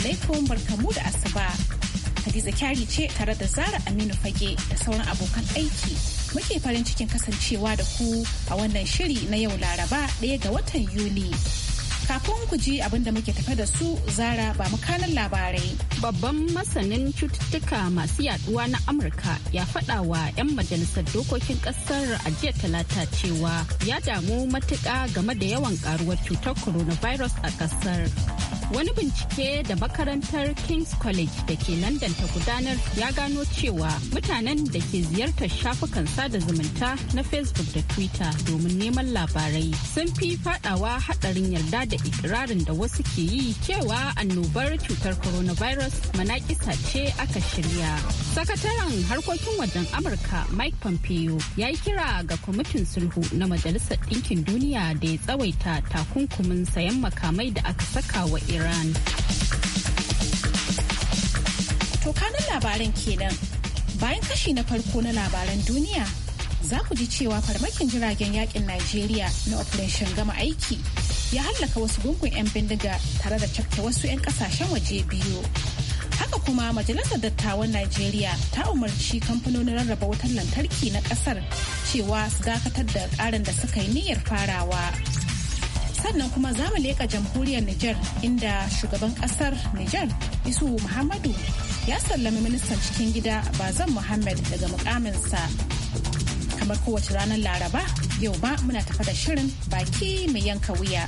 alaikum barkamu da asuba. Hadiza kyari ce tare da Zara Aminu Fage da sauran abokan aiki. Muke farin cikin kasancewa da ku a wannan shiri na yau Laraba ɗaya ga watan Yuli. Kafin ku ji abin da muke tafe da su zara ba mukanan labarai. Babban masanin cututtuka masu yaduwa na Amurka ya faɗa wa 'yan majalisar dokokin ƙasar a jiya talata cewa ya damu matuka game da yawan ƙaruwar cutar coronavirus a ƙasar. Wani bincike da makarantar King's College da ke London ta gudanar ya gano cewa mutanen da ke ziyartar shafukan sada zumunta na Facebook da Twitter domin neman labarai sun fi faɗawa haɗarin yarda da ikirarin da wasu ke yi cewa annobar cutar coronavirus manakisa ce aka shirya. Sakataren harkokin wajen Amurka Mike Pompeo ya yi kira ga kwamitin sulhu na Majalisar dinkin Duniya da ya tsawaita takunkumin sayan makamai da aka saka wa Iran. To kanan labaran kenan bayan kashi na farko na labaran duniya za ku ji cewa farmakin jiragen yakin Najeriya na Operation Gama Aiki ya hallaka wasu gungun 'yan bindiga tare da cakta wasu 'yan kasashen waje biyu. Haka kuma Majalisar Dattawan Najeriya ta umarci kamfanonin rarraba wutar lantarki na kasar cewa su dakatar da ƙarin da suka yi niyyar farawa. sannan kuma za mu leƙa jamhuriyar Nijar inda shugaban ƙasar Nijar Isu Muhammadu ya sallami ministan cikin gida Bazan Muhammad daga mukaminsa kamar kowace ranar laraba yau ba muna tafa da shirin baki mai yanka wuya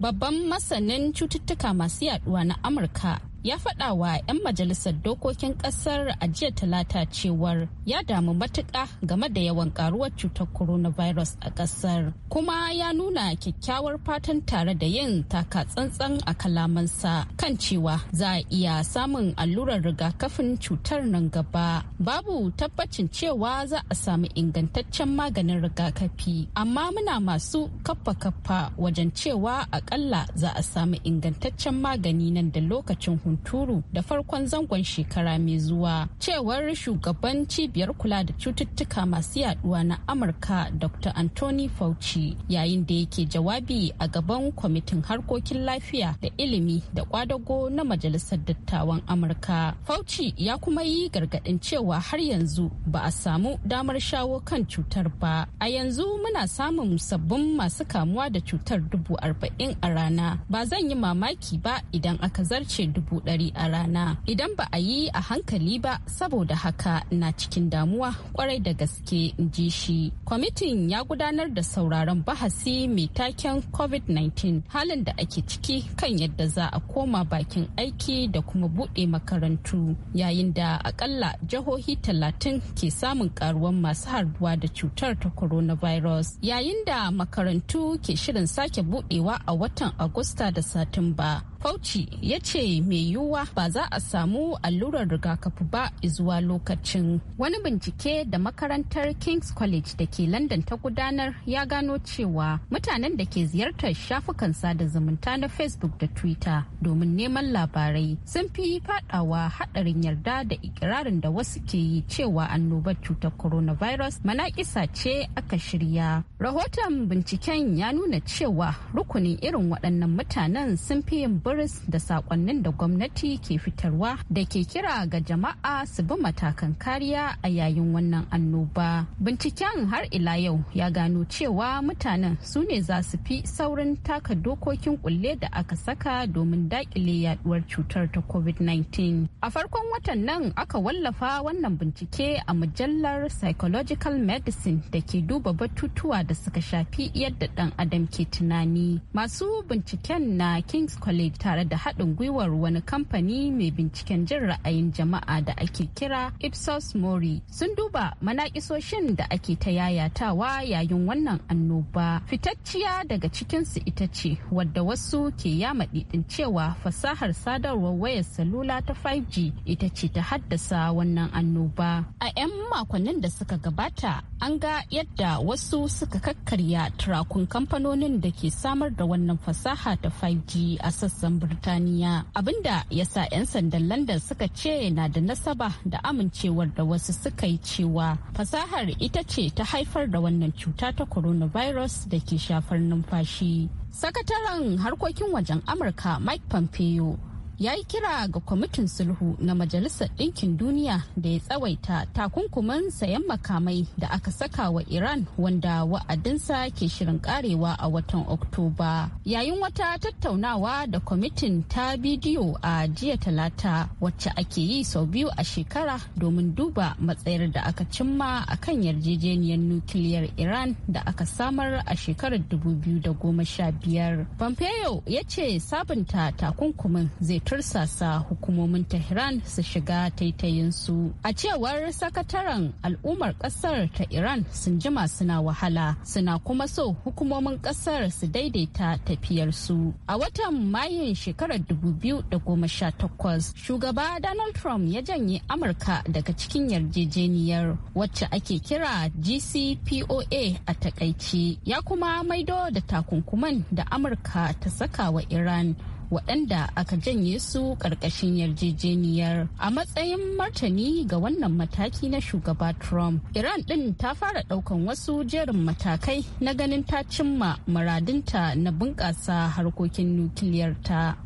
babban masanin cututtuka masu yaduwa na amurka ya faɗa wa 'yan majalisar dokokin ƙasar a jiya talata cewar ya damu matuƙa game da yawan karuwar cutar coronavirus a ƙasar kuma ya nuna kyakkyawar fatan tare da yin taka tsantsan a kalamansa kan cewa za a iya samun allurar rigakafin cutar nan gaba babu tabbacin cewa za a samu ingantaccen maganin rigakafi amma muna masu kaffa-kaffa wajen cewa akalla za a samu ingantaccen magani nan da lokacin hunturu da farkon zangon shekara mai zuwa cewar shugaban cibiyar kula da cututtuka masu yaduwa na amurka dr anthony fauci yayin da yake jawabi a gaban kwamitin harkokin lafiya da ilimi da kwadago na majalisar dattawan amurka fauci ya kuma yi gargadin cewa har yanzu ba a samu damar shawo kan cutar ba a yanzu muna samun sabbin masu kamuwa da cutar dubu arba'in a rana ba zan yi mamaki ba idan aka zarce dubu ɗari a rana idan ba a yi a hankali ba saboda haka na cikin damuwa kwarai da gaske in ji shi kwamitin ya gudanar da sauraron bahasi mai taken covid-19 halin da ake ciki kan yadda za a koma bakin aiki da kuma buɗe makarantu yayin da akalla jihohi talatin ke samun karuwan masu harbuwa da cutar ta coronavirus yayin da makarantu ke shirin sake buɗewa a watan agusta da satumba Fauci ya ce mai yiwuwa ba za a samu allurar rigakafi ba zuwa lokacin. Wani bincike da makarantar King's College da ke London ta gudanar ya gano cewa mutanen da ke ziyartar shafukan sada zumunta na Facebook da Twitter domin neman labarai sun fi fadawa hadarin yarda da ikirarin da wasu ke yi cewa annobar cutar coronavirus manakisa ce aka shirya. Rahoton binciken ya nuna cewa rukunin irin waɗannan mutanen sun fi yin boris da sakonnin da gwamnati ke fitarwa da ke kira ga jama'a su bi matakan kariya a yayin wannan annoba. Binciken har ila yau ya gano cewa mutanen su ne za su fi saurin taka dokokin kulle da aka saka domin dakile yaduwar cutar ta COVID-19. A farkon watan nan aka wallafa wannan bincike a mujallar Psychological Medicine da ke duba batutuwa da suka shafi yadda ɗan adam ke tunani. Masu binciken na King's College tare da haɗin gwiwar wani kamfani mai binciken jin ra'ayin jama'a da ake kira Ipsos Mori sun duba manakisoshin da ake ta yayatawa yayin wannan annoba. Fitacciya daga cikinsu ita ce wadda wasu ke yama ɗiɗin cewa fasahar sadarwar wayar salula ta 5G ita ce ta haddasa wannan annoba. A 'yan makonnin da suka gabata an ga yadda wasu suka kakkarya turakun kamfanonin da ke samar da wannan fasaha ta 5G a sassan Birtaniya. Abinda ya sa 'yan sandan London suka ce na da nasaba da amincewar da wasu suka yi cewa fasahar ita ce ta haifar da wannan cuta ta coronavirus da ke shafar numfashi. Sakataren harkokin wajen Amurka Mike Pompeo ya yi kira ga kwamitin sulhu na majalisar ɗinkin duniya da ya tsawaita takunkuman sayan makamai da aka saka wa iran wanda wa'adinsa ke shirin karewa a watan oktoba yayin wata tattaunawa da kwamitin ta bidiyo a jiya talata wacce ake yi sau biyu a shekara domin duba matsayar da aka cimma a kan yarjejeniyar nukiliyar iran da aka samar a shekarar 2015 pompeo ya ce sabunta takunkumin zai tursasa hukumomin Tehran su shiga taitayin su A cewar sakataren al'ummar kasar ta Iran sun jima suna wahala suna kuma so hukumomin kasar su daidaita tafiyar su A watan Mayun shekarar 2018 shugaba Donald Trump ya janye Amurka daga cikin yarjejeniyar wacce ake kira GCPOA a takaici ya kuma maido da takunkuman da Amurka ta saka wa Iran waɗanda aka janye su ƙarƙashin yarjejeniyar a matsayin martani ga wannan mataki na shugaba trump iran ɗin ta fara ɗaukan wasu jerin matakai na ganin ta cimma muradinta na bunƙasa harkokin nukiliyarta.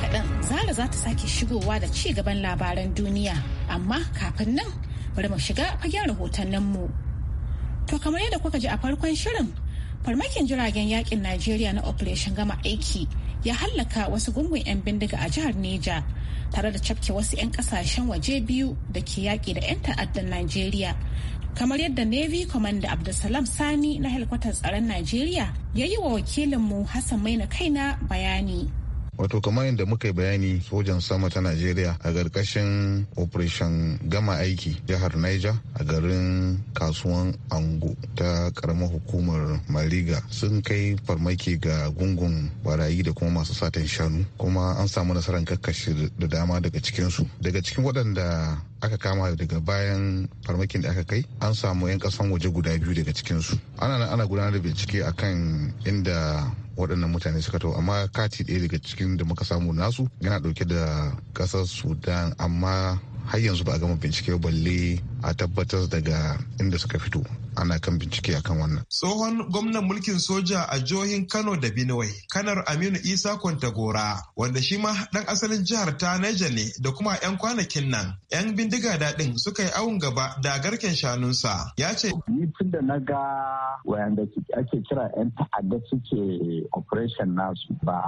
kaɗan zara za ta sake shigowa da ci gaban labaran duniya amma kafin nan bari mu shiga fagen mu To kamar yadda kuka ji a farkon shirin farmakin jiragen yakin najeriya na operation gama aiki ya hallaka wasu gungun 'yan bindiga a jihar neja tare da cafke wasu 'yan kasashen waje biyu da ke yaƙi da 'yan ta'addan najeriya kamar yadda navy commander abdulsalam sani na helikwatar tsaron najeriya ya yi wa wakilinmu hassan maina kaina bayani wato kamar yadda muka yi bayani sojan sama ta najeriya a ƙarƙashin operation gama aiki jihar niger a garin kasuwan ango ta ƙaramar hukumar mariga sun kai farmaki ga gungun barayi da kuma masu satan shanu kuma an samu nasarar kakkashi da dama daga cikinsu daga cikin waɗanda aka kama daga bayan farmakin da aka kai an samu 'yan ƙasan waje guda biyu daga cikinsu ana ana gudanar da bincike akan inda waɗannan mutane suka tawo amma kati ɗaya daga cikin da muka samu nasu yana ɗauke da ƙasar sudan amma har yanzu ba a gama bincike balle a tabbatar daga inda suka fito ana kan bincike akan wannan. Tsohon gwamnan mulkin soja a jihohin Kano da Benue, Kanar Aminu Isa Kwantagora, wanda shi ma dan asalin jihar ta Niger ne da kuma 'yan kwanakin nan. 'Yan bindiga daɗin suka yi awon gaba da garken shanunsa. Ya ce. Ni tun da na ga wayanda ake kira 'yan ta'adda suke operation nasu ba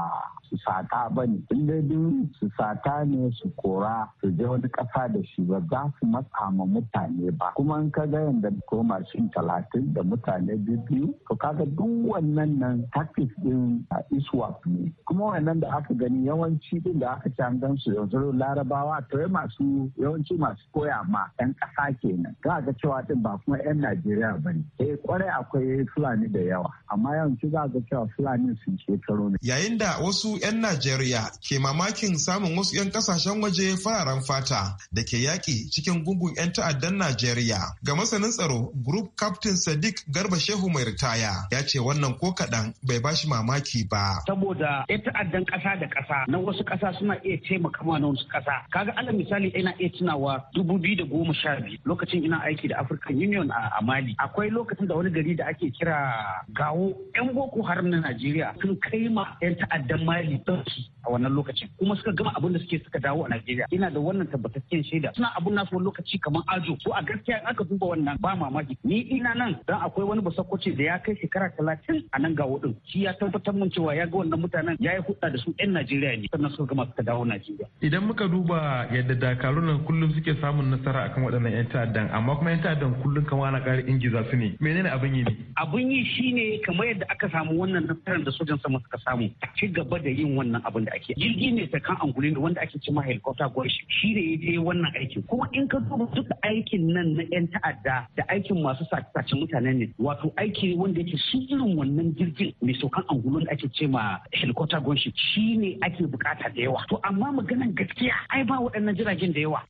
su sata ba ne in dai su sata ne su kora su je wani ƙasa da shi ba za su matsa mutane ba kuma in ka ga yanda ko mashin talatin da mutane biyu to kaga duk wannan nan tactics din iswap ne kuma wannan da aka gani yawanci din da aka can gan su yanzu larabawa to masu yawanci masu koya ma 'yan ƙasa kenan za ga cewa din ba kuma 'yan Najeriya ba ne. Eh kwarai akwai Fulani da yawa amma yawanci za ga cewa Fulani sun ketaro ne. Yayin da wasu 'yan Najeriya ke mamakin samun wasu 'yan kasashen waje fararen fata da ke yaƙi cikin gungun 'yan ta'addan Najeriya. Ga masanin tsaro, Group Captain Sadiq Garba Shehu mai ritaya ya ce wannan ko kaɗan bai ba shi mamaki ba. Saboda 'yan ta'addan ƙasa da ƙasa na wasu ƙasa suna iya taimaka ma na wasu ƙasa. Kaga alal misali ina iya tunawa dubu biyu da goma sha biyu lokacin ina aiki da African Union a Mali. Akwai lokacin da wani gari da ake kira gawo 'yan Boko Haram na Najeriya sun kai ma 'yan ta'addan Mali su a wannan lokacin kuma suka gama abin da suke suka dawo a Najeriya ina da wannan tabbataccen shaida suna abun nasu wani lokaci kamar ajo ko a gaskiya in aka duba wannan ba mamaki ni ina nan dan akwai wani basakoci da ya kai shekara talatin a nan ga din shi ya tabbatar mun cewa ya ga wannan mutanen ya yi hudda da su 'yan Najeriya ne sannan suka gama suka dawo Najeriya. Idan muka duba yadda dakarun nan kullum suke samun nasara akan waɗannan 'yan ta'addan amma kuma 'yan ta'addan kullum kamar ana ƙara ingiza su ne menene abin yi ne? Abin yi shine kamar yadda aka samu wannan nasarar da sojan sama suka samu ci gaba da yin wannan abin da ake jirgi ne angulu ne wanda ake cima helicopter gwashi shi ne ya yi wannan aikin kuma in ka duba duk aikin nan na yan ta'adda da aikin masu sace mutanen ne wato aiki wanda yake su irin wannan jirgin mai saukan da ake cema helicopter gwashi shi ne ake bukata da yawa to amma maganan gaskiya ai ba waɗannan jiragen da yawa.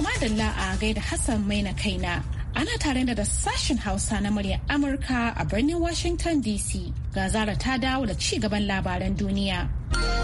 madalla a gaida Hassan Maina kaina. ana tare da sashen Hausa na murya Amurka a birnin Washington DC. Ga zara ta dawo da ci gaban labaran duniya.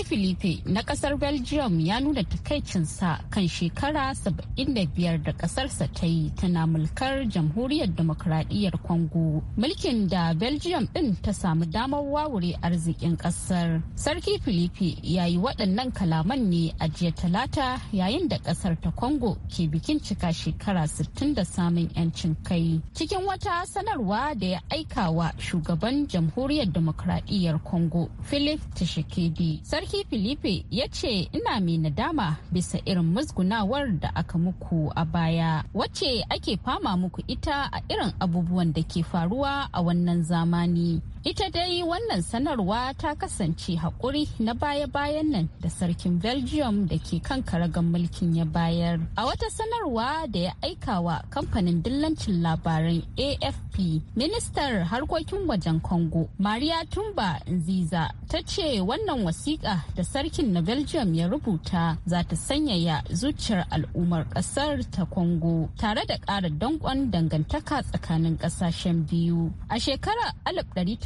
Jimmy Filipe na kasar Belgium ya nuna takaicinsa kan shekara 75 da kasarsa ta yi tana mulkar jamhuriyar demokradiyyar Congo. Mulkin da Belgium din ta samu damar wawure arzikin kasar. Sarki Filipe ya yi waɗannan kalaman ne a jiya talata yayin da kasar ta Congo ke bikin cika shekara 60 da samun 'yancin kai. Cikin wata sanarwa da ya aika wa shugaban jamhuriyar demokradiyyar Congo Philip Tshisekedi. Sarki Sarki Filipe ya ce ina mai nadama bisa irin musgunawar da aka muku a baya wacce ake fama muku ita a irin abubuwan da ke faruwa a wannan zamani. Ita dai wannan sanarwa ta kasance haƙuri na baya-bayan nan da sarkin Belgium da ke kan karagan mulkin ya bayar. A wata sanarwa da ya aika wa kamfanin dillancin labaran AFP, ministar harkokin wajen Congo, Maria Tumba Nziza, ta ce wannan wasiƙa da sarkin na Belgium ya rubuta za ta sanyaya zuciyar al'ummar ƙasar ta Congo tare da ƙara danƙon dangantaka tsakanin ƙasashen biyu. A shekarar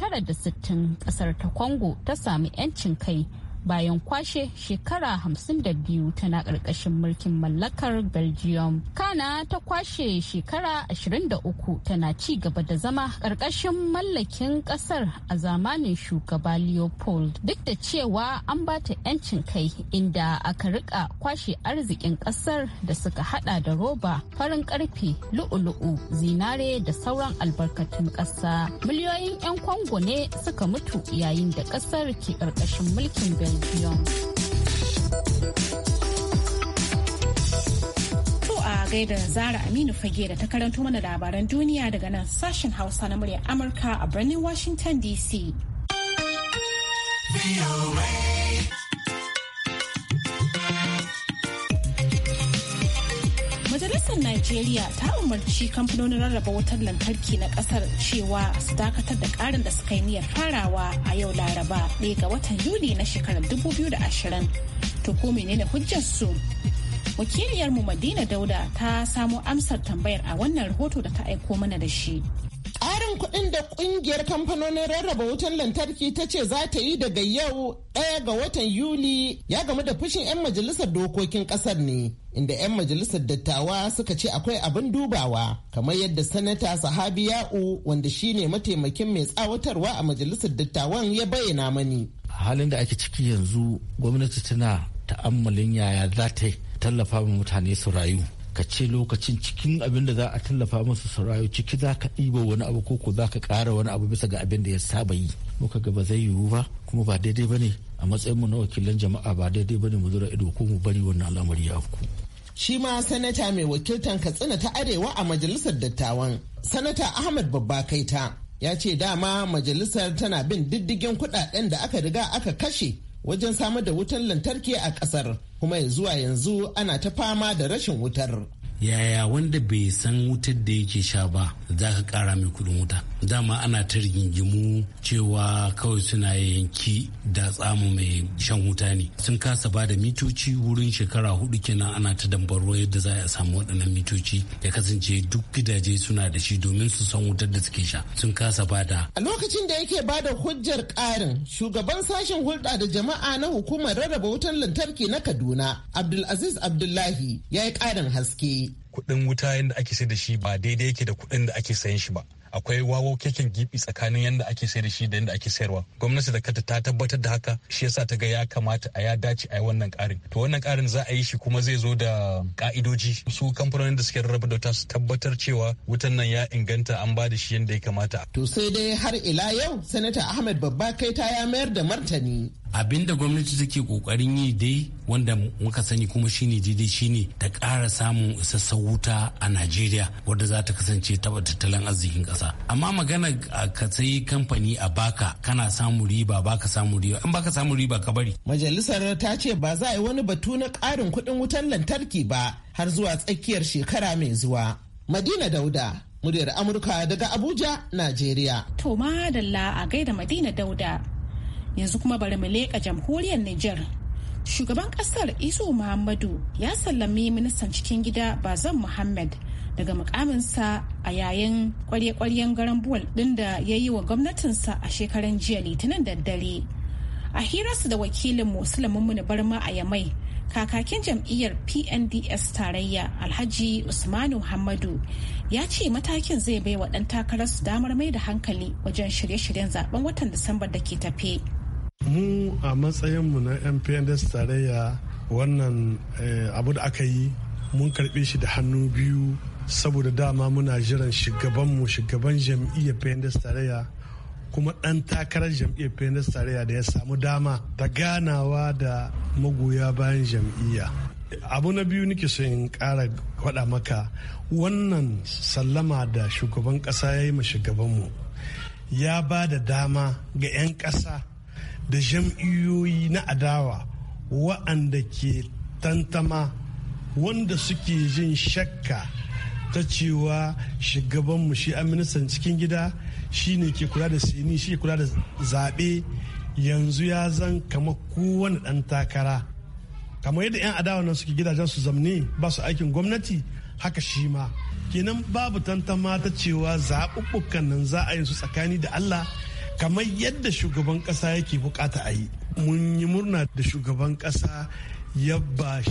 da 1960 kasar ta Congo ta sami 'yancin kai bayan kwashe shekara 52 tana ƙarƙashin mulkin mallakar belgium kana ta kwashe shekara 23 tana ci gaba da zama ƙarƙashin mallakin ƙasar a zamanin shugaba leopold duk da cewa an ba ta 'yancin kai inda aka rika kwashe arzikin ƙasar da suka hada da roba farin ƙarfe lu'ulu'u zinare da sauran albarkatun ƙasa miliyoyin 'yan kwango ne suka mutu yayin da ƙasar ke ƙarƙashin mulkin belgium Young. a gaida Zara Aminu Fage ta karanto mana labaran duniya daga nan sashen Hausa na muryar Amurka a birnin Washington DC. Najeriya ta umarci kamfanonin rarraba wutar lantarki na kasar cewa su dakatar da karin da suka yi niyyar farawa a yau Laraba ɗaya ga watan Yuli na shekarar 2020. To ko menene hujjar su? wakiliyar mu Madina Dauda ta samo amsar tambayar a wannan rahoto da ta aiko mana da shi. Tsarin kuɗin da ƙungiyar kamfanonin rarraba wutan lantarki ta ce za ta yi daga yau ɗaya ga watan Yuli ya gamu da fushin 'yan majalisar dokokin ƙasar ne. Inda 'yan majalisar dattawa suka ce akwai abin dubawa kamar yadda sanata sahabi ya'u wanda ne mataimakin mai tsawatarwa a majalisar dattawan ya bayyana mani. Halin da ake ciki yanzu gwamnati tana ta'ammalin yaya za ta tallafa mutane su rayu. ka ce lokacin cikin abin da za a tallafa masu su ciki za ka ɗiba wani abu ko ko za ka ƙara wani abu bisa ga abin da ya saba yi muka ga ba zai yiwu ba kuma ba daidai ba ne a matsayin mu na wakilan jama'a ba daidai ba ne mu zura ido ko mu bari wannan al'amari ya afku. shi ma sanata mai wakiltan katsina ta arewa a majalisar dattawan sanata ahmad babba kaita ya ce dama majalisar tana bin diddigin kudaden da aka riga aka kashe wajen samar da wutar lantarki a kasar kuma zuwa yanzu ana ta fama da rashin wutar yaya wanda bai san wutar da yake sha ba za ka kara mai kudin wuta dama ana ta rigingimu cewa kawai suna yanki da tsamu mai shan wuta ne sun kasa ba da mitoci wurin shekara hudu kenan ana ta dambarwa yadda za a samu waɗannan mitoci ya kasance duk gidaje suna da shi domin su san wutar da suke sha sun kasa ba da a lokacin da yake ba da hujjar ƙarin shugaban sashen hulɗa da jama'a na hukumar rarraba wutar lantarki na kaduna abdulaziz abdullahi ya yi ƙarin haske kuɗin wuta yadda ake sai da shi ba daidai yake da kuɗin da ake sayan shi ba akwai wawo keken gibi tsakanin yadda ake sayar da shi da yadda ake sayarwa gwamnati da kata ta tabbatar da haka shi yasa ta ga ya kamata a ya dace a yi wannan karin to wannan karin za a yi shi kuma zai zo da ka'idoji su kamfanonin da suke rarraba da su tabbatar cewa wutan nan ya inganta an ba da shi yadda ya kamata to sai dai har ila yau sanata ahmed babba kai ta ya mayar da martani Abinda gwamnati take kokarin yi dai wanda muka sani kuma shine daidai shine ta ƙara samun isassa wuta a najeriya wadda za ta kasance taba tattalin arzikin ƙasa amma magana ka sayi kamfani a baka kana samu riba baka samu riba in baka samu riba ka bari majalisar ta ce ba za a yi wani batu na ƙarin kuɗin wutar lantarki ba har zuwa tsakiyar shekara mai zuwa madina dauda muryar amurka daga abuja najeriya to madalla a gaida madina dauda yanzu kuma bari mu leƙa jamhuriyar nijar shugaban ƙasar iso muhammadu ya sallami ministan cikin gida bazan muhammad daga mukaminsa a yayin kwarye-kwaryen garan buwal ɗin da ya yi wa gwamnatinsa a shekaran jiya litinin da dare a hirarsa da wakilin musulmin bar barma a yamai kakakin jam'iyyar pnds tarayya alhaji usmanu muhammadu ya ce matakin zai bai wa ɗan takararsu damar mai da hankali wajen shirye-shiryen zaben watan disamba da ke tafe mu a matsayinmu na mpns tarayya wannan eh, abu da aka yi mun karbe shi da hannu biyu saboda dama muna jiran shugabanmu shugaban jam'iyyar pns tarayya kuma ɗan takarar jam'iyyar pns tarayya da ya samu dama ta ganawa da magoya bayan jam'iyya abu na biyu nake so in ƙara faɗa maka wannan sallama da shugaban ƙasa ya yi ma shugabanmu ya ba da dama ga 'yan ƙasa da jam'iyyoyi na adawa wa'anda ke tantama wanda suke jin shakka ta cewa shugabanmu shi ministan cikin gida shi ne ke kula da sini shi ke kula da zaɓe yanzu ya zan kama kowane ɗan takara kamar yadda 'yan adawa nan suke gidajen su zamne ba su aikin gwamnati haka shi ma kenan babu tantama ta cewa zaɓuɓɓukan nan za a yin su tsakani da allah kamar yadda shugaban kasa yake bukata a yi mun yi murna da shugaban kasa ya ba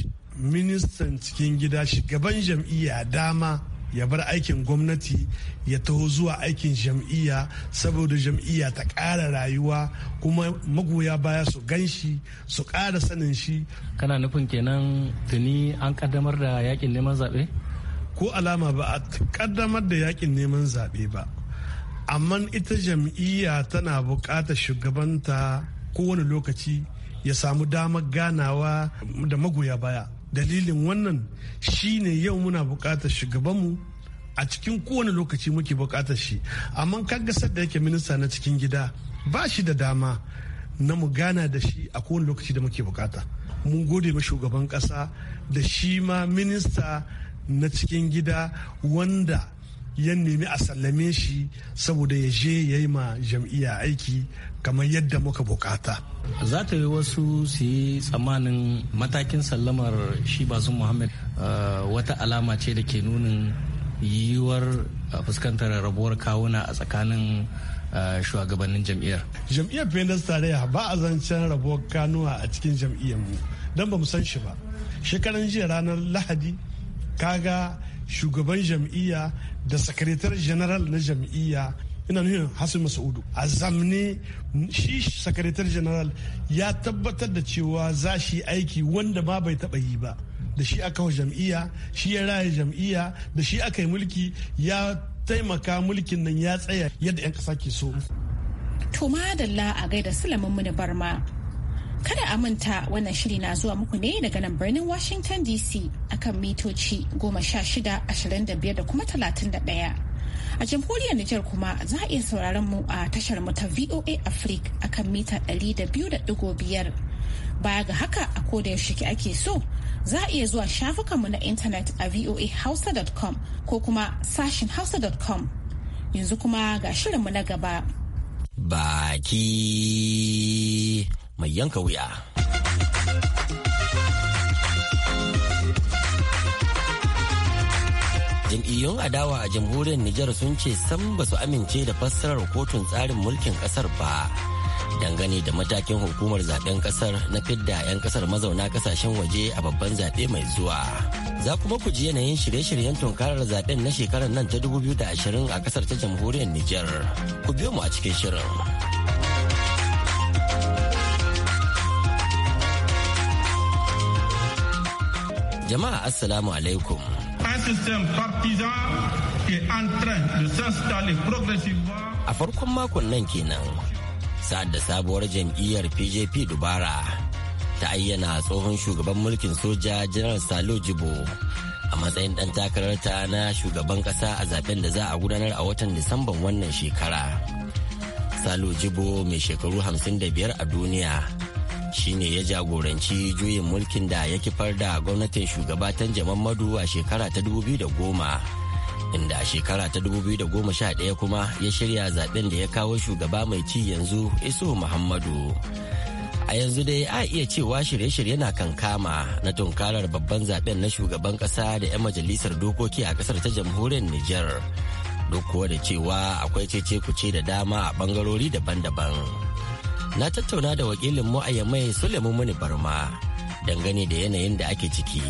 ministan cikin gida shugaban jam'iyya dama ya bar aikin gwamnati ya taho zuwa aikin jam'iyya saboda jam'iyya ta ƙara rayuwa kuma magoya baya su gan shi su ƙara sanin shi kana nufin kenan tuni an kaddamar da yakin neman zaɓe ko alama ba a kaddamar da yakin neman zaɓe ba amma ita jam'iyya tana buƙatar shugabanta kowane lokaci ya samu damar ganawa da magoya baya dalilin wannan shine yau muna buƙatar shugabanmu a cikin kowane lokaci muke bukatar shi amma kaga da yake minista na cikin gida ba shi da dama na mu gana da shi a kowane lokaci da muke bukata mun gode ma shugaban ƙasa da shi ma minista na cikin gida wanda ya nemi a sallame shi saboda ya je ya yi ma jam'iyya aiki kamar yadda muka bukata. za ta yi wasu su yi tsammanin matakin sallamar shi basu muhammad uh, wata alama ce da ke nunin yiwuwar uh, fuskantar rabuwar kawuna a tsakanin uh, shugabannin jam'iyyar. jam'iyyar pendas tarayya ba a zancen rabuwar kanuwa a cikin jam'iyyar mu don ba mu san shi ba shekaran jiya ranar lahadi kaga shugaban jam'iyya da sakretar general na jam'iyya ina nuna hassan masaudu a zamne shi sakretar general ya tabbatar da cewa za shi aiki wanda ba bai taba yi ba da shi aka jam'iyya shi ya raya jam'iyya da shi aka yi mulki ya taimaka mulkin nan ya tsaya yadda 'yan ƙasa ke so. To madalla a gaida Sulaiman Muni Barma Kada a manta wannan shiri na zuwa muku ne daga nan birnin Washington DC akan mitoci goma sha shida ashirin da biyar da kuma talatin ɗaya. A jamhuriyar Nijar kuma za a iya sauraron mu a tashar mu ta VOA Africa akan mita ɗari da biyu da ɗigo Baya ga haka a koda yaushe ake so za a iya zuwa shafukanmu na intanet a voahausa.com ko kuma sashin hausa.com. Yanzu kuma ga shirinmu na gaba. Baki mai yanka wuya. jam'iyyun adawa a jamhuriyar Nijar sun ce san ba su amince da fassarar kotun tsarin mulkin kasar ba dangane da matakin hukumar zaben kasar na fidda 'yan kasar mazauna kasashen waje a babban zaɓe mai zuwa. Za kuma ku ji yanayin shirye-shiryen tunkarar zaɓen na shekarar nan ta 2020 a kasar ta jamhuriyar Nijar. Ku biyo mu a cikin shirin. Jama'a Assalamu alaikum. Un système partisan est en train de s'installer A farkon makon nan kenan, sa'ad da sabuwar jam'iyyar PJP dubara ta ayyana tsohon shugaban mulkin soja general Salo Jibo a matsayin ɗan takararta na shugaban ƙasa a zaben da za a gudanar a watan Disamban wannan shekara. Salo Jibo mai shekaru 55 a duniya. shine ya jagoranci juyin mulkin da ya kifar da gwamnatin shugaba jaman madu a shekara ta 2010 inda a shekara ta 2011 kuma ya shirya zaben da ya kawo shugaba mai ci yanzu iso muhammadu a yanzu dai a iya cewa shirye-shirye na kankama na tunkarar babban zaben na shugaban kasa da 'yan majalisar dokoki a kasar ta jamhuriyar niger duk kuwa da cewa akwai cece kuce da dama a bangarori daban-daban. na tattauna da wakilin mu a yamai Suleiman Muni Barma dangane da yanayin da ake ciki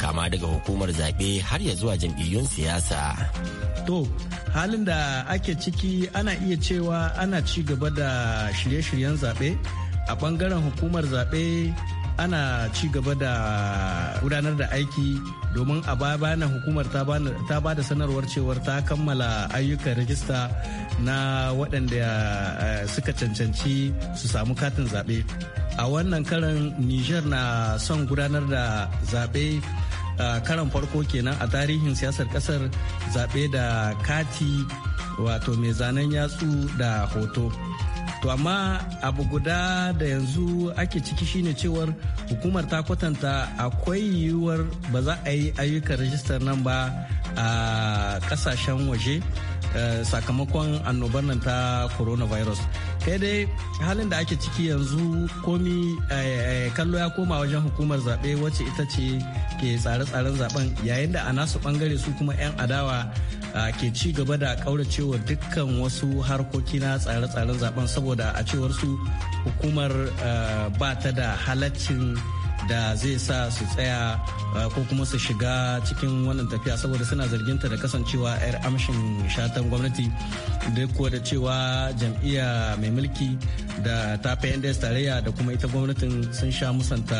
kama daga hukumar zaɓe har ya zuwa jam'iyyun siyasa. To, halin da ake ciki ana iya cewa ana ci gaba da shirye-shiryen zaɓe a ɓangaren hukumar zaɓe ana ci gaba da gudanar da aiki domin a baya hukumar ta ba da sanarwar cewar ta kammala ayyukan rajista na waɗanda eh, suka cancanci su samu katin zaɓe a wannan karan niger na son gudanar da zaɓe eh, karan farko kenan a tarihin siyasar ƙasar zaɓe da kati wato mai zanen yatsu da hoto to amma abu guda da yanzu ake ciki shine cewar hukumar ta kwatanta akwai yiwuwar ba za a yi ayyukan rajistar nan ba a kasashen waje eh, sakamakon annobar nan ta coronavirus kai dai halin da ake ciki yanzu komi eh, eh, kallo ya koma wajen hukumar zaɓe wacce ita ce ke tsare-tsaren zaben yayin da a nasu ɓangare su kuma 'yan adawa ke ci gaba da kauracewa dukkan wasu harkoki na tsare-tsaren zaben saboda a cewar su hukumar ba ta da halaccin da zai sa su tsaya ko kuma su shiga cikin wannan tafiya saboda suna zarginta da kasancewa 'yar amshin shatan gwamnati duk da cewa jam'iyya mai mulki da ta tarayya da kuma ita gwamnatin sun sha musanta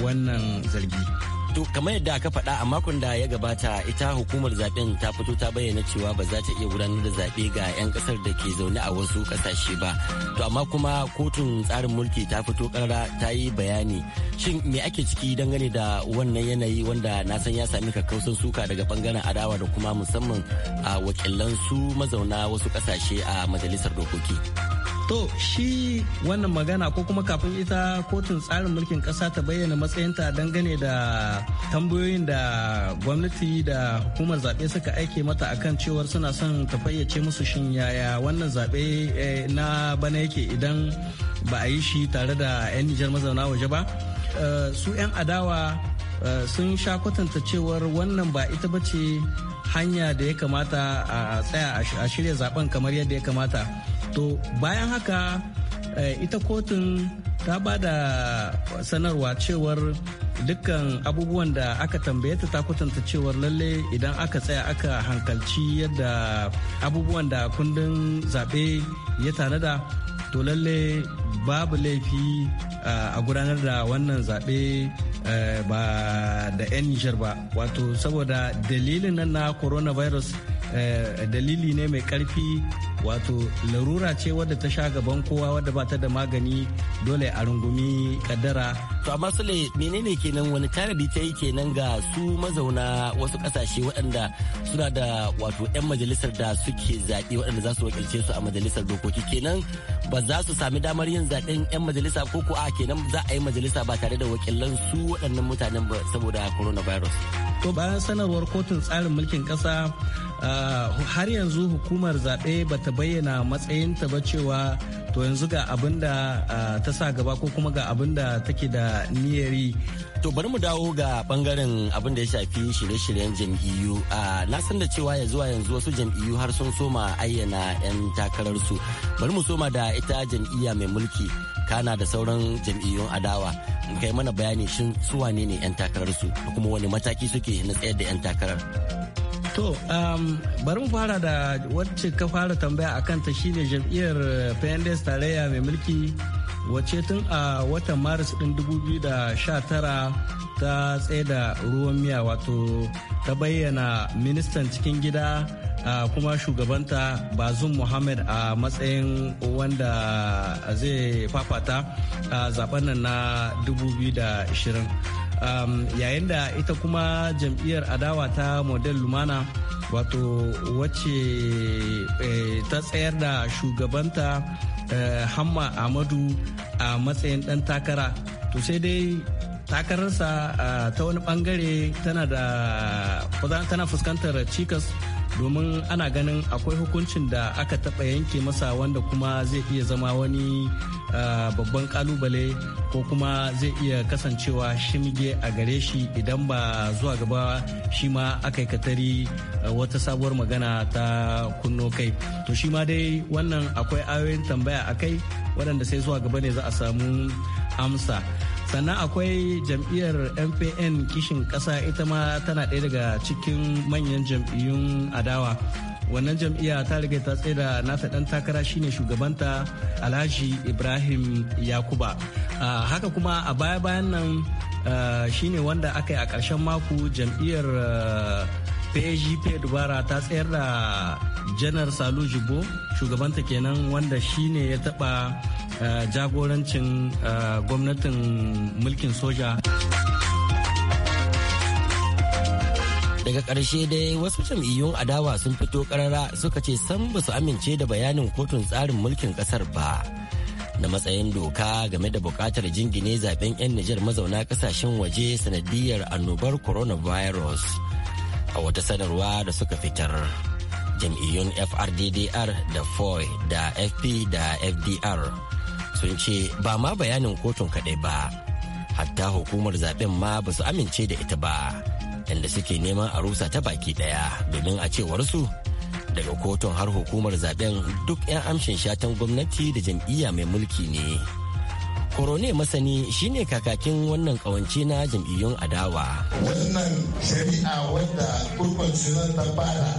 wannan zargi. To kamar yadda aka faɗa a makon da ya gabata ita hukumar zaben ta fito ta bayyana cewa ba za ta iya gudanar da zaɓe ga 'yan ƙasar da ke zaune a wasu ƙasashe ba. To amma kuma kotun tsarin mulki ta fito ƙarara ta yi bayani. Shin me ake ciki dangane da wannan yanayi wanda na san ya sami kakkausan suka daga bangaren adawa da kuma musamman a wakilan su mazauna wasu ƙasashe a majalisar dokoki. To shi wannan magana ko kuma kafin ita kotun tsarin mulkin kasa ta bayyana matsayinta dangane da tambayoyin da gwamnati da hukumar zaɓe suka aike mata akan cewar suna son ta fayyace musu shin yaya wannan zaɓe eh, na bana yake idan ba a yi shi tare da 'yan Nijar mazauna waje ba. Eh, su 'yan adawa eh, sun sha kwatanta cewar wannan ba ita ba ce hanya da ya kamata a tsaya a shirya zaben kamar yadda ya kamata. to bayan haka eh, ita kotun ta ba da sanarwa cewar dukkan abubuwan da aka tambaye ta ta kwatanta cewar lalle idan aka tsaya aka hankalci yadda abubuwan da kundin zaɓe ya tanada to lalle babu laifi eh, a gudanar da wannan zaɓe eh, ba da 'yan nijar ba wato saboda dalilin nan na coronavirus dalili ne mai ƙarfi wato larura ce wadda ta sha gaban kowa wadda ba ta da magani dole a rungumi kaddara to amma sule menene kenan wani tanadi ta yi kenan ga su mazauna wasu kasashe waɗanda suna da wato 'yan majalisar da suke zaɓe waɗanda za su wakilce su a majalisar dokoki kenan ba za su sami damar yin zaɓen 'yan majalisa ko ko a kenan za a yi majalisa ba tare da wakilan su waɗannan mutanen ba saboda coronavirus to bayan sanarwar kotun tsarin mulkin kasa ah, har yanzu hukumar zaɓe ba ta bayyana matsayinta ba cewa to yanzu ga abin da ah, ta sa gaba ko kuma ga abin da take da niyari. to bari mu dawo ga bangaren abin da ya shafi shirye-shiryen jam'iyyu ah, na san da cewa ya zuwa yanzu wasu jam'iyyu har sun soma ayyana 'yan takararsu bari mu soma da ita jam'iyya mai mulki kana da sauran jam'iyyun adawa in kai mana bayani shin su wane ne 'yan takararsu da kuma wani mataki suke na tsayar da 'yan takarar to um, bari mu fara da wacce ka fara tambaya a kanta shine jam'iyyar PNDS tarayya mai mulki wacce tun a watan maris ɗin 2019 ta tsaye da ruwan miya wato ta bayyana ministan cikin gida Ah, kuma shugabanta bazum muhammad a matsayin wanda zai fafata a zaben nan na 2020 yayin da ita kuma jam'iyyar adawa ta model lumana wato wacce eh, ta tsayar da shugabanta eh, hamma amadu a matsayin dan takara to sai dai takararsa ah, ta wani bangare tana fuskantar cikas domin ana ganin akwai hukuncin da aka taɓa yanke masa wanda kuma zai iya zama wani babban kalubale ko kuma zai iya kasancewa shimge a gare shi idan ba zuwa gaba shi ma aka katari wata sabuwar magana ta kunno kai to shi ma dai wannan akwai ayoyin tambaya a kai waɗanda sai zuwa gaba ne za a samu amsa sannan akwai jam'iyyar mpn kishin kasa ita ma tana ɗaya daga cikin manyan jam'iyyun adawa wannan jam'iyya ta riga ta da nata ɗan takara shine shugabanta alhaji ibrahim yakuba ah, haka kuma a baya bayan nan ah, shine wanda aka yi a ƙarshen mako jam'iyyar ah, pgp dubara ta tsayar da janar salu jibo shugabanta kenan wanda shine ya taba eh, jagorancin eh, gwamnatin mulkin soja daga ƙarshe dai wasu jam'iyyun adawa sun fito ƙarara suka ce san ba su amince da bayanin kotun tsarin mulkin ƙasar ba na matsayin doka game da buƙatar jingine zaben 'yan nijar mazauna ƙasashen waje sanadiyar annobar coronavirus. a wata sanarwa da suka fitar jam'iyyun FRDDR da FOI da FP da FDR sun ce ba ma bayanin kotun kaɗai ba hatta hukumar zaɓen ma ba su amince da ita ba inda suke neman a rusa ta baki ɗaya domin a cewarsu daga kotun har hukumar zaɓen duk 'yan amshin shatan gwamnati da jam'iyya mai mulki ne korone masani shine kakakin wannan kawance na jam'iyyun adawa wannan shari'a wadda kurban ta fara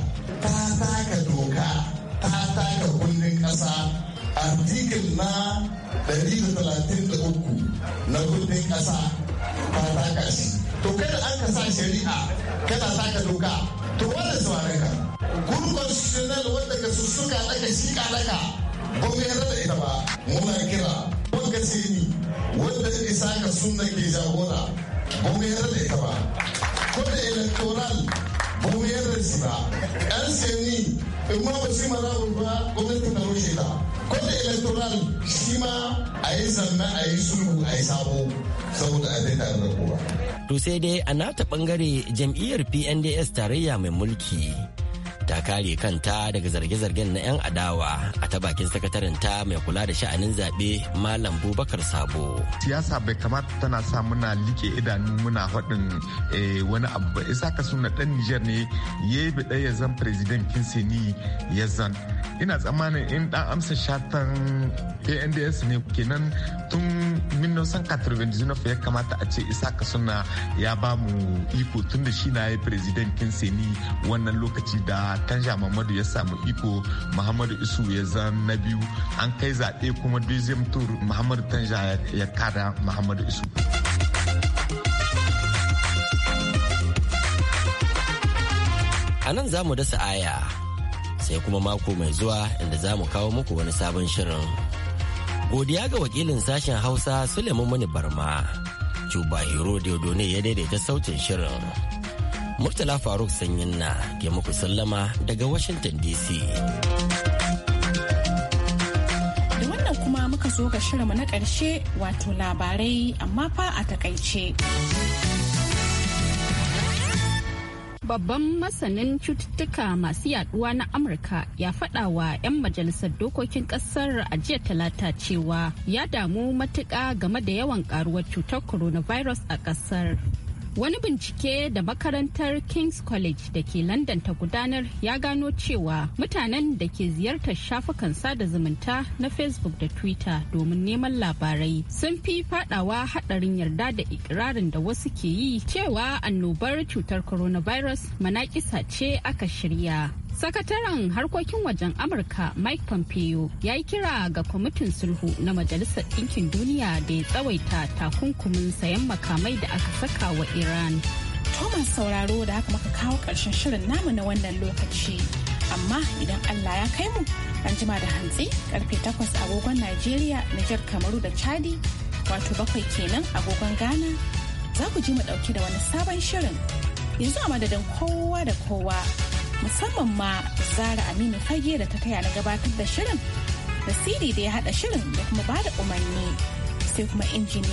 ta saka doka ta saka kundin kasa artikul na 133 na kundin kasa ta saka shi to kada an ka sa shari'a kada saka doka to wanda zuwa ka kurban sunan wanda ka suka daga shi ka daga gwamnati da ita ba muna kira tasiri wanda ya isa ka sunna ke jagora ba mu yarda da ita ba ko da electoral ba mu yarda da shi ba yan seni in ma ba shi ma za ba gwamnati ta rushe ta ko da electoral shi ma a yi zanna a yi sulhu a yi sabo saboda a daina da kowa. to sai dai a nata bangare jam'iyyar pnds tarayya mai mulki ta kare kanta daga zarge-zargen na 'yan adawa a ta bakin sakatarinta mai kula da sha'anin zaɓe malam bubakar sabo siyasa bai kamata tana sa muna like idanu muna faɗin eh, wani abu ba isa ka suna ɗan nijar ne ya yi biɗa ya zan president kinsini ya zan ina tsammanin in ɗan amsa shatan ands ne kenan tun 1999 ya kamata a ce isa ka suna ya ba mu iko tun da shi na ya president kinsini wannan lokaci da tanja mamadu ya samu iko muhammadu isu ya zama na biyu an kai zaɓe kuma dizem tour muhammadu tanja ya kada muhammadu isu a nan za mu dasa aya sai kuma mako mai zuwa inda za mu kawo muku wani sabon shirin godiya ga wakilin sashen hausa suleiman mani barma cuba hero ne ya daidaita sautin shirin Murtala Faruk Sanyin na ke muku sallama daga Washington DC. Da wannan kuma muka zo ga shirinmu na ƙarshe wato labarai amma fa a takaice. Babban masanin cututtuka masu yaduwa na Amurka ya faɗa wa 'yan majalisar dokokin ƙasar a jiya talata cewa ya damu matuƙa game da yawan ƙaruwar cutar coronavirus a ƙasar. Wani bincike da makarantar King's College da ke London ta gudanar ya gano cewa mutanen da ke ziyartar shafukan sada zumunta na Facebook da Twitter domin neman labarai sun fi fadawa hadarin yarda da ikirarin da wasu ke yi cewa annobar cutar coronavirus manakisa ce aka shirya. Sakataren harkokin wajen Amurka Mike Pompeo ya yi kira ga kwamitin sulhu na Majalisar Ɗinkin Duniya da ya tsawaita takunkumin sayan makamai da aka saka wa Iran. Thomas sauraro da haka maka kawo ƙarshen shirin namu na wannan lokaci. Amma idan Allah ya kai mu, an jima da hantsi karfe takwas agogon Najeriya, Nijar Kamaru da Chadi, wato bakwai kenan agogon Ghana, za ku ji mu ɗauki da wani sabon shirin. Yanzu a madadin kowa da kowa. musamman ma zara aminu fage da ta taya na gabatar da shirin da siri da ya haɗa shirin da kuma bada umarni sai kuma injiniya